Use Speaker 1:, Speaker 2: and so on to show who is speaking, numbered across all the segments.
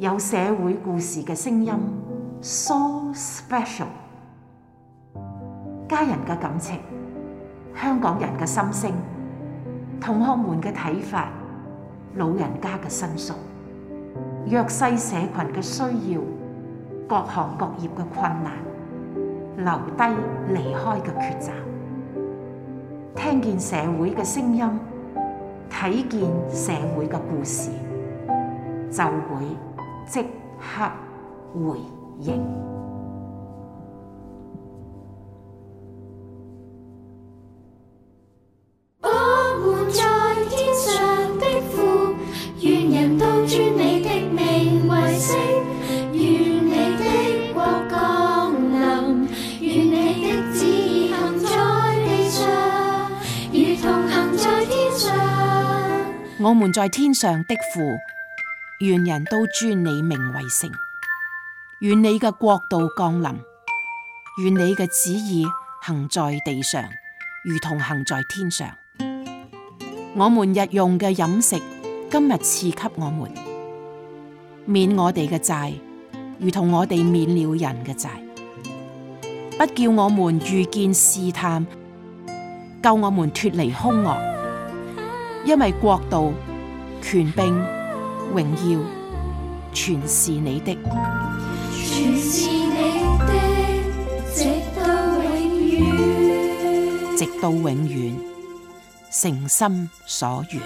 Speaker 1: 有社會故事嘅聲音，So special。家人嘅感情，香港人嘅心聲，同學們嘅睇法，老人家嘅申訴，弱勢社群嘅需要，各行各業嘅困難，留低離開嘅抉擇，聽見社會嘅聲音，睇見社會嘅故事，就會。即刻回應。
Speaker 2: 我們在天上的父，願人都尊你的名為聖。願你的國降臨。願你的旨意行在地上，如同行在天上。
Speaker 1: 我們在天上的父。願人都尊你名為聖，願你嘅國度降臨，願你嘅旨意行在地上，如同行在天上。我們日用嘅飲食，今日賜給我們，免我哋嘅債，如同我哋免了人嘅債，不叫我們遇見試探，救我們脱離凶惡，因為國度、權柄。榮耀全是你的，
Speaker 2: 全是你的，直到永遠，
Speaker 1: 直到永遠，誠心所願。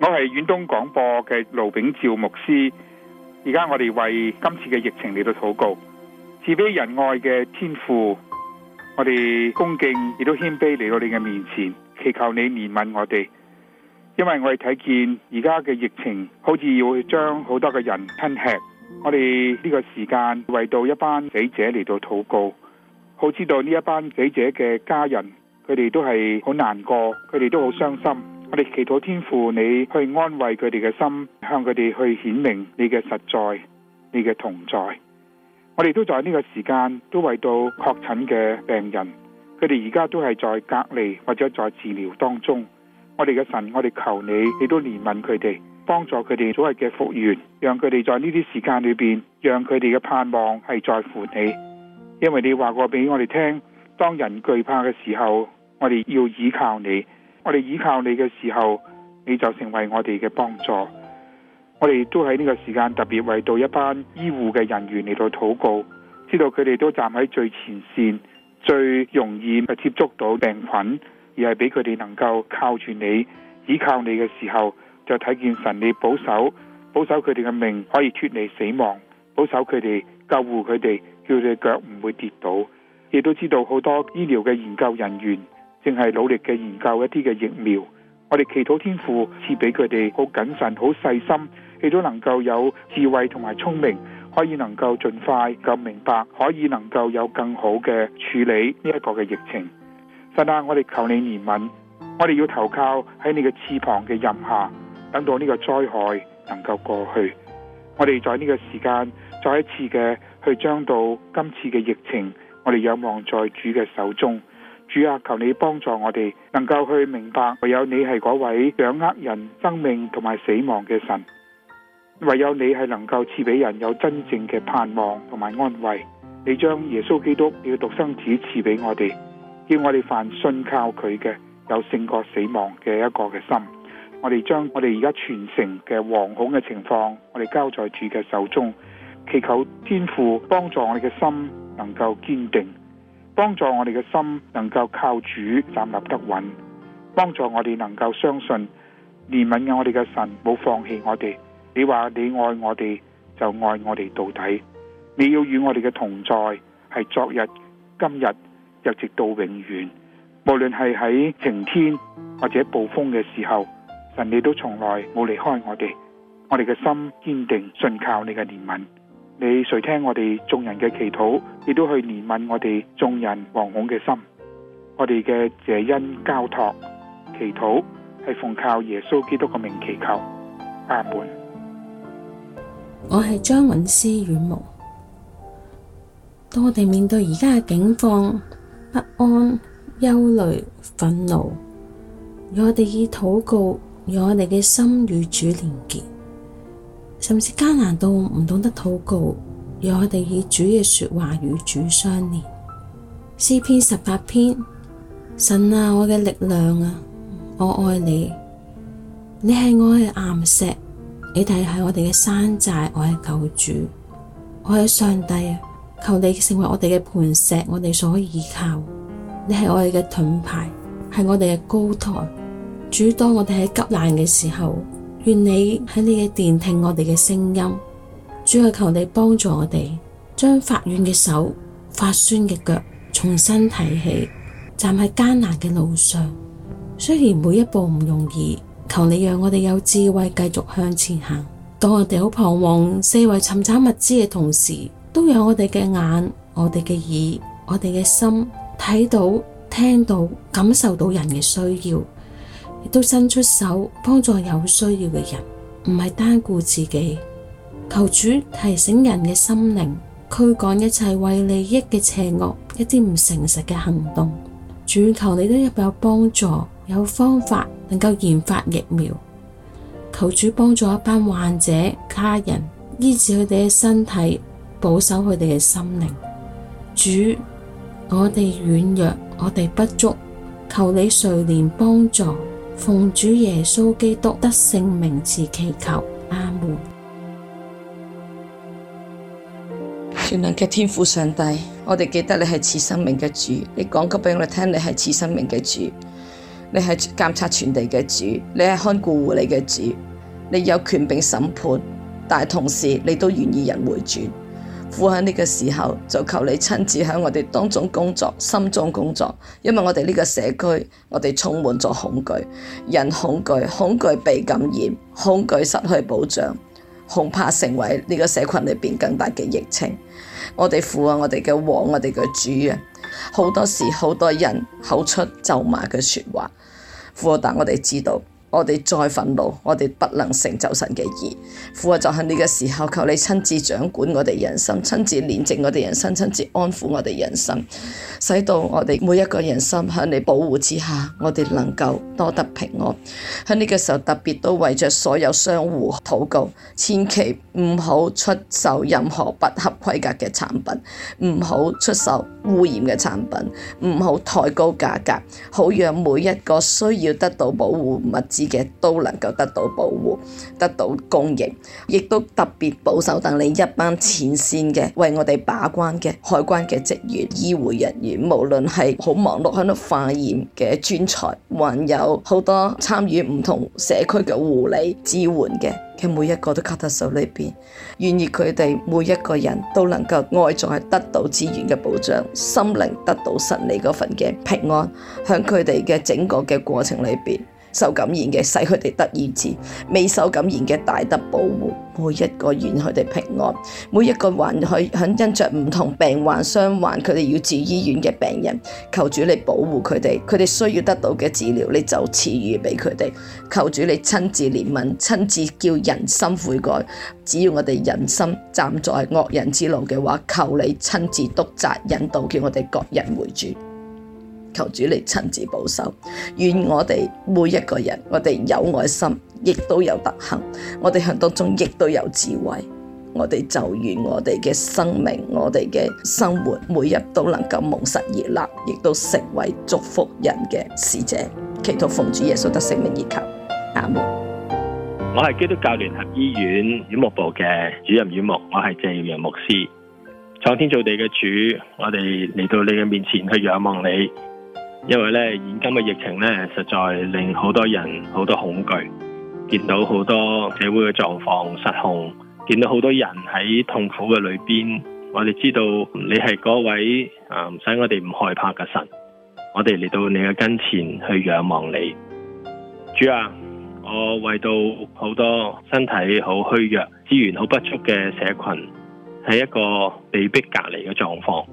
Speaker 3: 我係遠東廣播嘅盧炳趙牧師，而家我哋為今次嘅疫情嚟到禱告。慈悲仁愛嘅天父，我哋恭敬亦都謙卑嚟到你嘅面前，祈求你憐憫我哋。因為我哋睇見而家嘅疫情好似要將好多嘅人吞吃，我哋呢個時間為到一班死者嚟到禱告，好知道呢一班死者嘅家人，佢哋都係好難過，佢哋都好傷心。我哋祈禱天父，你去安慰佢哋嘅心，向佢哋去顯明你嘅實在，你嘅同在。我哋都在呢個時間，都為到確診嘅病人，佢哋而家都係在隔離或者在治療當中。我哋嘅神，我哋求你，你都憐憫佢哋，幫助佢哋早日嘅復原，讓佢哋在呢啲時間裏邊，讓佢哋嘅盼望係在乎你。因為你話過俾我哋聽，當人懼怕嘅時候，我哋要倚靠你。我哋倚靠你嘅時候，你就成為我哋嘅幫助。我哋都喺呢個時間，特別為到一班醫護嘅人員嚟到禱告，知道佢哋都站喺最前線，最容易接觸到病菌，而係俾佢哋能夠靠住你，倚靠你嘅時候，就睇見神你保守，保守佢哋嘅命可以脫離死亡，保守佢哋救護佢哋，叫佢哋腳唔會跌倒，亦都知道好多醫療嘅研究人員正係努力嘅研究一啲嘅疫苗。我哋祈禱天父賜俾佢哋好謹慎、好細心，亦都能夠有智慧同埋聰明，可以能夠盡快咁明白，可以能夠有更好嘅處理呢一個嘅疫情。神啊，我哋求你憐憫，我哋要投靠喺你嘅翅膀嘅蔭下，等到呢個災害能夠過去。我哋在呢個時間再一次嘅去將到今次嘅疫情，我哋仰望在主嘅手中。主啊，求你幫助我哋，能夠去明白唯有你係嗰位掌握人生命同埋死亡嘅神，唯有你係能夠賜俾人有真正嘅盼望同埋安慰。你將耶穌基督，你嘅獨生子賜俾我哋，叫我哋凡信靠佢嘅，有勝過死亡嘅一個嘅心。我哋將我哋而家全城嘅惶恐嘅情況，我哋交在主嘅手中，祈求天父幫助我哋嘅心能夠堅定。幫助我哋嘅心能夠靠主站立得穩，幫助我哋能夠相信憐憫嘅我哋嘅神冇放棄我哋。你話你愛我哋就愛我哋到底，你要與我哋嘅同在係昨日、今日又直到永遠。無論係喺晴天或者暴風嘅時候，神你都從來冇離開我哋。我哋嘅心堅定，信靠你嘅憐憫。你垂聽我哋眾人嘅祈禱，亦都去憐憫我哋眾人惶恐嘅心。我哋嘅謝恩交託祈禱，係奉靠耶穌基督嘅名祈求阿門。
Speaker 2: 我係張韻詩遠慕，當我哋面對而家嘅境況不安、憂慮、憤怒，我哋以禱告，用我哋嘅心與主連結。甚至艱難到我唔懂得禱告，讓我哋以主嘅說話與主相連。詩篇十八篇，神啊，我嘅力量啊，我愛你，你係我嘅岩石，你哋係我哋嘅山寨，我係救主，我係上帝啊！求你成為我哋嘅磐石，我哋所依靠。你係我哋嘅盾牌，係我哋嘅高臺。主，當我哋喺急難嘅時候。願你喺你嘅殿聽我哋嘅聲音，主要求你幫助我哋，將發軟嘅手、發酸嘅腳重新提起，站喺艱難嘅路上。雖然每一步唔容易，求你讓我哋有智慧繼續向前行。當我哋好彷徨、四圍尋找物資嘅同時，都有我哋嘅眼、我哋嘅耳、我哋嘅心睇到、聽到、感受到人嘅需要。亦都伸出手，幫助有需要嘅人，唔係單顧自己。求主提醒人嘅心靈，驅趕一切為利益嘅邪惡，一啲唔誠實嘅行動。主求你都入有幫助，有方法能夠研發疫苗。求主幫助一班患者家人醫治佢哋嘅身體，保守佢哋嘅心靈。主，我哋軟弱，我哋不足，求你垂憐幫助。奉主耶穌基督得勝名字祈求阿門。全能嘅天父上帝，
Speaker 4: 我哋記得你係賜生命嘅主，你講過畀我哋聽，你係賜生命嘅主，你係監察全地嘅主，你係看顧護理嘅主，你有權柄審判，但係同時你都願意人回轉。父喺呢個時候，就求你親自喺我哋當中工作、心中工作，因為我哋呢個社區，我哋充滿咗恐懼，人恐懼、恐懼被感染、恐懼失去保障、恐怕成為呢個社群裏邊更大嘅疫情。我哋父啊，我哋嘅王，我哋嘅主啊，好多時好多人口出咒罵嘅說話，父啊，但我哋知道。我哋再憤怒，我哋不能成就神嘅義。父啊，就喺呢個時候，求你親自掌管我哋人生，親自煉淨我哋人生，親自安撫我哋人生，使到我哋每一個人心喺你保護之下，我哋能夠多得平安。喺呢個時候特別都為着所有商戶禱告，千祈唔好出售任何不合規格嘅產品，唔好出售污染嘅產品，唔好抬高價格，好讓每一個需要得到保護物資，嘅都能夠得到保護，得到供應，亦都特別保守等你一班前線嘅為我哋把關嘅海關嘅職員、醫護人員，無論係好忙碌喺度化驗嘅專才，還有好多參與唔同社區嘅護理支援嘅，佢每一個都靠喺手裏邊，願意佢哋每一個人都能夠外在得到資源嘅保障，心靈得到神你嗰份嘅平安，向佢哋嘅整個嘅過程裏邊。受感染嘅使佢哋得醫治，未受感染嘅大得保護，每一個願佢哋平安，每一個還佢肯因着唔同病患傷患，佢哋要住醫院嘅病人，求主你保護佢哋，佢哋需要得到嘅治療，你就賜予俾佢哋。求主你親自憐憫，親自叫人心悔改。只要我哋人心站在惡人之路嘅話，求你親自督責引導，叫我哋各人回轉。求主你親自保守，願我哋每一個人，我哋有愛心，亦都有德行，我哋響當中亦都有智慧，我哋就願我哋嘅生命，我哋嘅生活，每日都能夠務實而立，亦都成為祝福人嘅使者。祈禱奉主耶穌得性命而求。
Speaker 5: 阿門。我係基督教聯合醫院院牧部嘅主任院牧，我係謝元牧師。創天造地嘅主，我哋嚟到你嘅面前去仰望你。因為咧，現今嘅疫情咧，實在令好多人好多恐懼，見到好多社會嘅狀況失控，見到好多人喺痛苦嘅裏邊。我哋知道你係嗰位，啊，唔使我哋唔害怕嘅神。我哋嚟到你嘅跟前去仰望你，主啊，我為到好多身體好虛弱、資源好不足嘅社群，喺一個被逼隔離嘅狀況，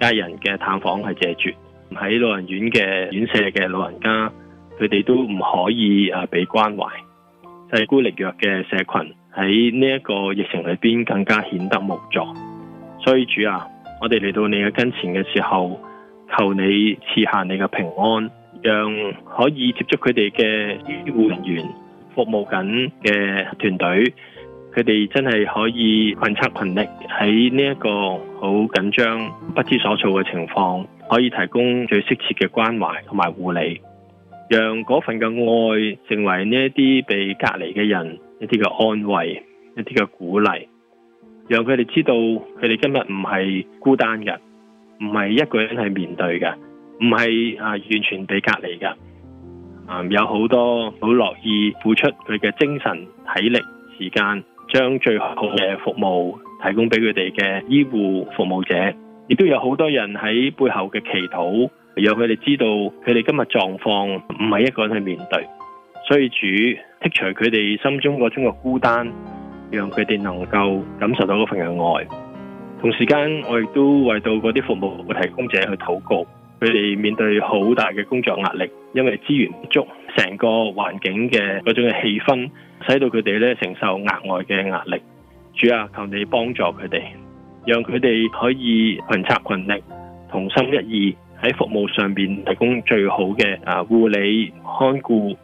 Speaker 5: 家人嘅探訪係借住。喺老人院嘅院舍嘅老人家，佢哋都唔可以啊被關懷，勢孤力弱嘅社群喺呢一個疫情裏邊更加顯得無助。所以主啊，我哋嚟到你嘅跟前嘅時候，求你賜下你嘅平安，讓可以接觸佢哋嘅醫護人員服務緊嘅團隊。佢哋真係可以群策群力，喺呢一個好緊張、不知所措嘅情況，可以提供最適切嘅關懷同埋護理，讓嗰份嘅愛成為呢一啲被隔離嘅人一啲嘅安慰、一啲嘅鼓勵，讓佢哋知道佢哋今日唔係孤單嘅，唔係一個人去面對嘅，唔係啊完全被隔離嘅，啊有好多好樂意付出佢嘅精神、體力、時間。將最好嘅服務提供俾佢哋嘅醫護服務者，亦都有好多人喺背後嘅祈禱，讓佢哋知道佢哋今日狀況唔係一個人去面對，所以主剔除佢哋心中嗰種嘅孤單，讓佢哋能夠感受到嗰份嘅愛。同時間，我亦都為到嗰啲服務嘅提供者去禱告，佢哋面對好大嘅工作壓力，因為資源唔足。成個環境嘅嗰種嘅氣氛，使到佢哋咧承受額外嘅壓力。主啊，求你幫助佢哋，讓佢哋可以群策群力，同心一意喺服務上邊提供最好嘅啊護理看顧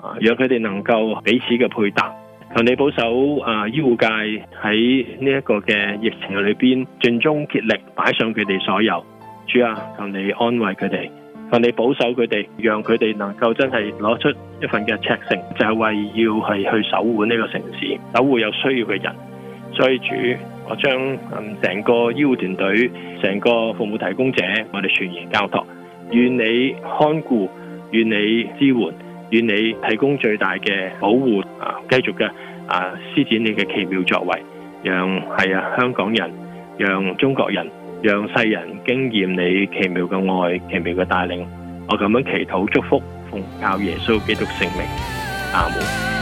Speaker 5: 啊，讓佢哋能夠彼此嘅配搭。求你保守啊醫護界喺呢一個嘅疫情裏邊盡忠竭力，擺上佢哋所有。主啊，求你安慰佢哋。令你保守佢哋，讓佢哋能夠真係攞出一份嘅赤誠，就係為要係去守護呢個城市，守護有需要嘅人。所以主，我將嗯成個醫護團隊，成個服務提供者，我哋全然交託。願你看顧，願你支援，願你提供最大嘅保護啊！繼續嘅啊，施展你嘅奇妙作為，讓係啊香港人，讓中國人。讓世人經驗你奇妙嘅愛、奇妙嘅帶領。我咁樣祈禱、祝福、奉教耶穌基督聖名，阿門。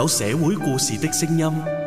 Speaker 5: 有社會故事的聲音。